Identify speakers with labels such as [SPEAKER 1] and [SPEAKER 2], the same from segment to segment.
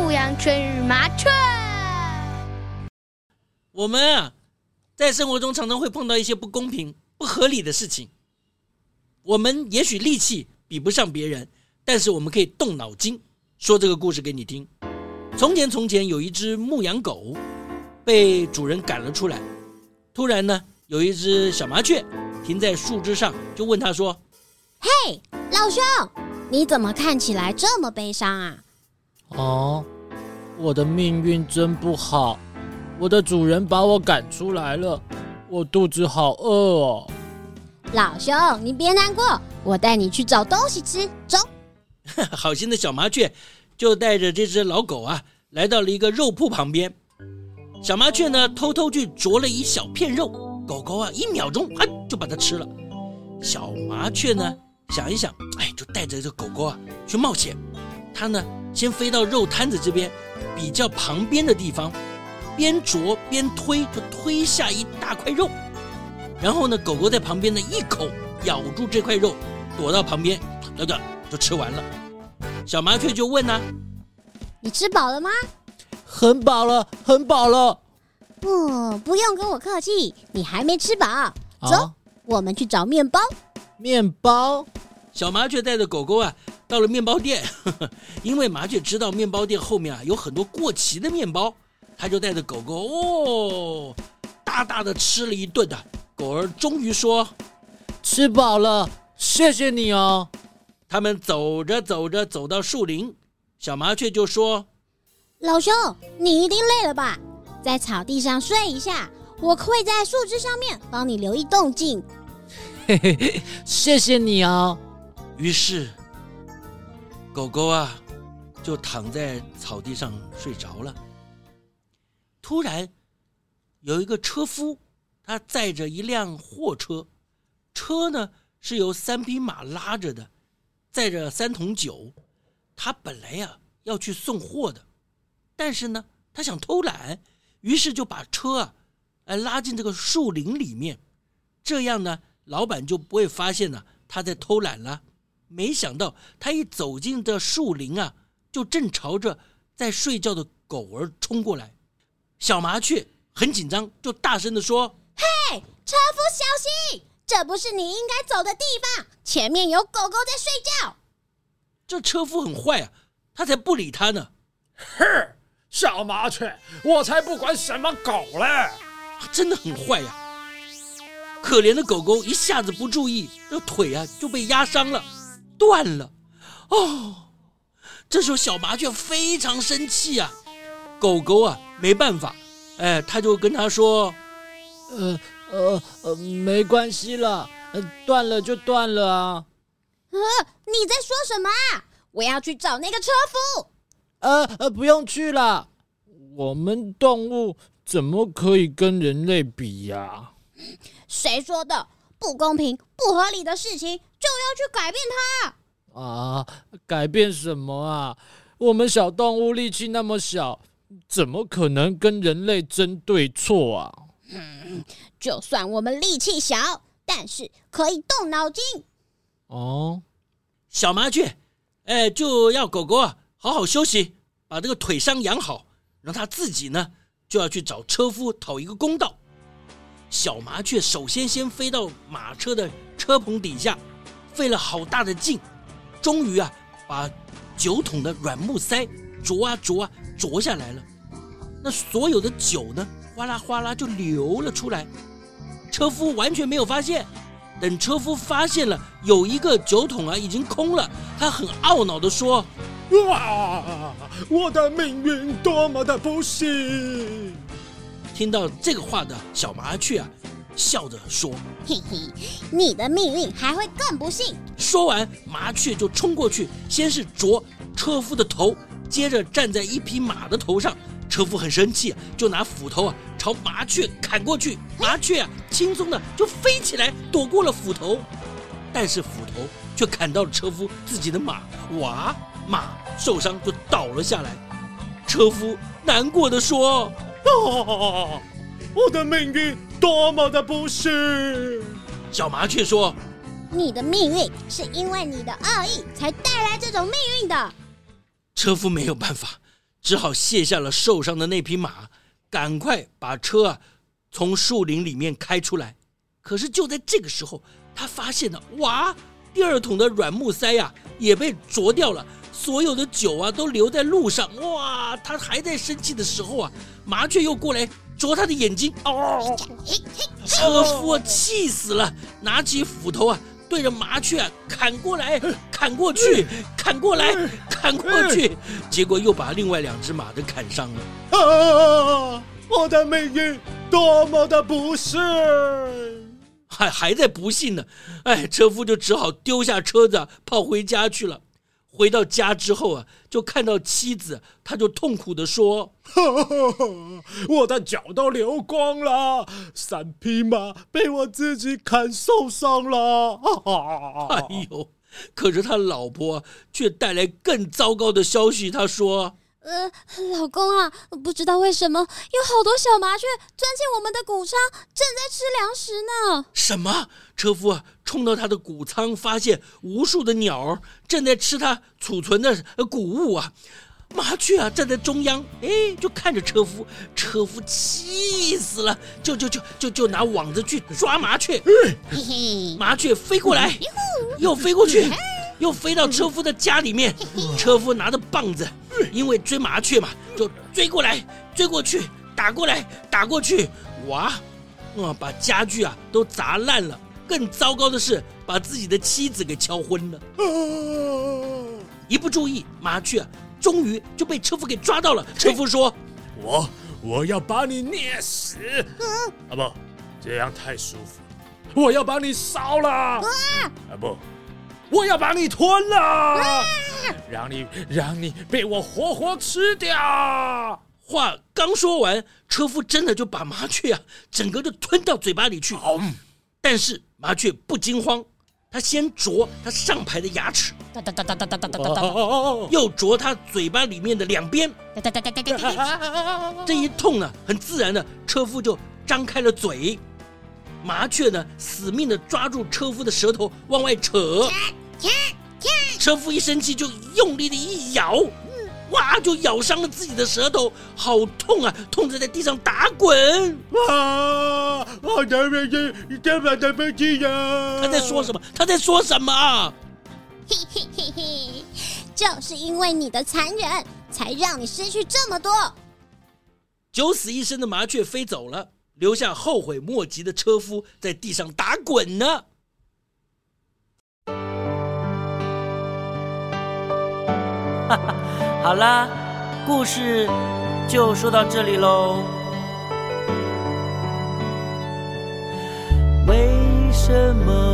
[SPEAKER 1] 牧羊犬與麻雀。我們啊，在生活中常常會碰到一些不公平、不合理的事情。我們也許力氣比不上別人，但是我們可以動腦筋。說這個故事給你聽。從前，從前有一隻牧羊狗，被主人趕了出來。突然呢，有一隻小麻雀停在樹枝上，就問他說：“
[SPEAKER 2] 嘿，老兄，你怎麼看起來這麼悲傷啊？”
[SPEAKER 1] 哦，我的命運真不好，我的主人把我趕出來了，我肚子好餓哦。
[SPEAKER 2] 老兄，你別難過，我帶你去找東西吃，走。
[SPEAKER 1] 好心的小麻雀就帶着這隻老狗啊，來到了一個肉鋪旁邊。小麻雀呢，偷偷去啄了一小片肉，狗狗啊，一秒鐘啊就把它吃了。小麻雀呢，想一想，哎，就帶着這狗狗啊去冒險。它呢。先飛到肉攤子這邊，比較旁邊的地方，邊啄邊推，就推下一大塊肉。然後呢，狗狗在旁邊呢，一口咬住這塊肉，躲到旁邊，那個就吃完了。小麻雀就問呢、啊：“
[SPEAKER 2] 你吃飽了嗎？”“很飽了，很飽了。”“不，不用跟我客氣，你還沒吃飽。啊、走，我們去找麵包。”“麵包。”
[SPEAKER 1] 小麻雀帶着狗狗啊，到了麵包店，呵呵，因為麻雀知道麵包店後面啊有很多過期的麵包，它就帶着狗狗哦，大大的吃了一頓的、啊、狗兒，終於說吃飽了，謝謝你哦。他們走着走着走到樹林，小麻雀就說：“
[SPEAKER 2] 老兄，你一定累了吧，在草地上睡一下，我會在樹枝上面幫你留意動靜。”嘿嘿
[SPEAKER 1] 嘿，
[SPEAKER 2] 謝謝你哦。
[SPEAKER 1] 於是，狗狗啊，就躺在草地上睡着了。突然，有一個車夫，他載着一輛貨車，車呢是由三匹馬拉着的，載着三桶酒。他本來呀、啊、要去送貨的，但是呢，他想偷懶，於是就把車啊，拉進這個樹林裡面。這樣呢，老闆就不會發現呢、啊、他在偷懶了。沒想到他一走進這樹林啊，就正朝着在睡覺的狗兒衝過來。小麻雀很緊張，就大聲的說：“嘿，
[SPEAKER 2] 車夫小心，這不是你應該走的地方，前面有狗狗在睡覺。”
[SPEAKER 1] 這車夫很壞啊，他才不理他呢。
[SPEAKER 2] 哼，
[SPEAKER 1] 小麻雀，我才不管什麼狗嘞，啊，真的很壞呀，啊。可憐的狗狗一下子不注意，那腿啊就被壓傷了。斷了，哦，這時候小麻雀非常生氣啊，狗狗啊，沒辦法，哎，他就跟他說，呃呃呃，沒關係了，呃，斷了就斷了啊。啊，
[SPEAKER 2] 你在說什麼？啊？我要去找那個車夫。呃呃，不用去了，
[SPEAKER 1] 我們動物怎麼可以跟人類比呀，啊？
[SPEAKER 2] 誰說的？不公平、不合理的事情就要去改變它
[SPEAKER 1] 啊！改變什麼啊？我們小動物力氣那麼小，怎麼可能跟人類爭對錯啊、嗯？
[SPEAKER 2] 就算我們力氣小，但是可以動腦筋。
[SPEAKER 1] 哦，小麻雀，哎、欸，就要狗狗好好休息，把這個腿傷養好，讓它自己呢就要去找車夫討一個公道。小麻雀首先先飛到馬車的車棚底下，費了好大的勁，終於啊，把酒桶的軟木塞啄啊啄啊啄下來了。那所有的酒呢，嘩啦嘩啦就流了出來。車夫完全沒有發現。等車夫發現了，有一個酒桶啊已經空了，他很懊惱地說：“哇，我的命運多麼的不幸！”聽到這個話的小麻雀啊，笑着說：“
[SPEAKER 2] 嘿嘿，你的命運還會更不幸。”
[SPEAKER 1] 說完，麻雀就衝過去，先是啄車夫的頭，接着站在一匹馬的頭上。車夫很生氣，就拿斧頭啊朝麻雀砍過去。麻雀啊輕鬆的就飛起來，躲過了斧頭，但是斧頭卻砍到了車夫自己的馬，哇，馬受傷就倒了下來。車夫難過的說。啊、哦！我的命運多麼的不是。小麻雀說：“
[SPEAKER 2] 你的命運是因為你的惡意才帶來這種命運的。”
[SPEAKER 1] 車夫沒有辦法，只好卸下了受傷的那匹馬，趕快把車啊從樹林裡面開出來。可是就在這個時候，他發現了哇，第二桶的軟木塞呀、啊、也被啄掉了。所有的酒啊都留在路上哇！他還在生氣的時候啊，麻雀又過來啄他的眼睛哦。車夫氣死了，拿起斧頭啊，對着麻雀啊，砍過來，砍過去，砍過來，砍過去，砍過來，砍過去，結果又把另外兩隻馬都砍傷了。啊！我的命運多麼的不幸，還還在不幸呢。哎，車夫就只好丟下車子跑回家去了。回到家之後啊，就看到妻子，他就痛苦地說：“ 我的腳都流光了，三匹馬被我自己砍受傷了。 ”哎呦，可是他老婆卻帶來更糟糕的消息，他說。
[SPEAKER 2] 呃，老公啊，不知道為什麼有好多小麻雀鑽進我們的穀倉，正在吃糧食呢。
[SPEAKER 1] 什麼？車夫啊，衝到他的穀倉，發現無數的鳥正在吃他儲存的穀物啊！麻雀啊，站在中央，哎，就看着車夫，車夫氣死了，就就就就就拿網子去抓麻雀。嘿、嗯、
[SPEAKER 2] 嘿，
[SPEAKER 1] 麻雀飛過來，
[SPEAKER 2] 又飛過去。
[SPEAKER 1] 又飛到車夫的家裡面， 車夫拿着棒子，因為追麻雀嘛，就追過來、追過去、打過來、打過去，哇，啊，把家具啊都砸爛了。更糟糕的是，把自己的妻子給敲昏
[SPEAKER 2] 了。
[SPEAKER 1] 一不注意，麻雀、啊、終於就被車夫給抓到了。 車夫說：“我我要把你捏死 啊不，
[SPEAKER 2] 這樣太
[SPEAKER 1] 舒服，我要把你燒了 啊不。”我要把你吞了，嗯、讓你讓你被我活活吃掉。話剛說完，車夫真的就把麻雀啊整個就吞到嘴巴裡去。嗯、但是麻雀不驚慌，它先啄它上排的牙齒，又啄它嘴巴裡面的兩邊，這一痛呢，很自然的，車夫就張開了嘴，麻雀呢死命的抓住車夫的舌頭往外扯。啊車夫一生氣就用力的一咬，哇，就咬傷了自己的舌頭，好痛啊！痛得在地上打滾。啊，他在說什麼？他在說什麼？嘿嘿嘿嘿，
[SPEAKER 2] 就是因為你的殘忍，才讓你失去這麼多。
[SPEAKER 1] 九死一生的麻雀飛走了，留下後悔莫及的車夫在地上打滾呢。哈哈，好啦，故事就說到這裡嘍。為什麼？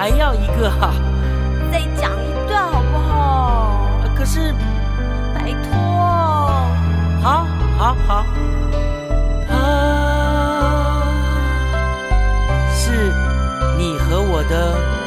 [SPEAKER 1] 還要一個哈、
[SPEAKER 2] 啊，再講一
[SPEAKER 1] 段好不好？可是，拜託，好好好，啊，他是你和我的。